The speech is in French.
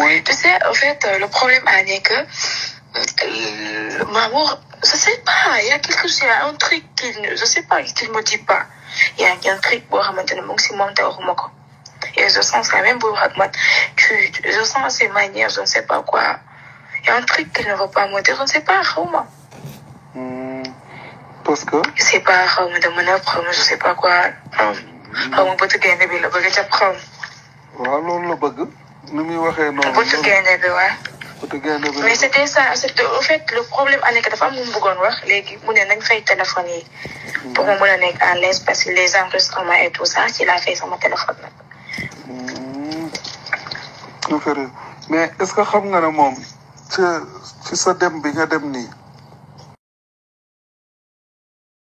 Oui. Tu sais, en fait, euh, le problème, Annie, que euh, amour, je sais pas, il y a quelque chose, il y a un truc qui, je sais pas, ne me dit pas. Il y a, il y a un truc pour maintenant, mon au d'aromako. Et je sens ça, même pour moi, tu, je sens ces manières, je ne sais pas quoi. Il y a un truc qu'il ne va pas monter, je ne sais pas, Rahmat. Hmm. parce que? Je ne sais pas, Rahmat, de mon apprendre, je sais pas quoi. Hmm. Rahmat, peut-être qu'il y a un bébé, le bagage le bagage? ni muy waxee noonu. buntu gaynde bi waaw. buntu gaynde bi mais c'était ça c'était au fait le problème Aneka dafa am lu mu bëggoon wax léegi mu ne nañ fay téléphone yi. pour mu mën a nekk en l'aise parce que les enregistrements et tout ça ci laa fay sama téléphone nag. Mm. mais est-ce xam nga moom ci ci sa dem bi nga dem ni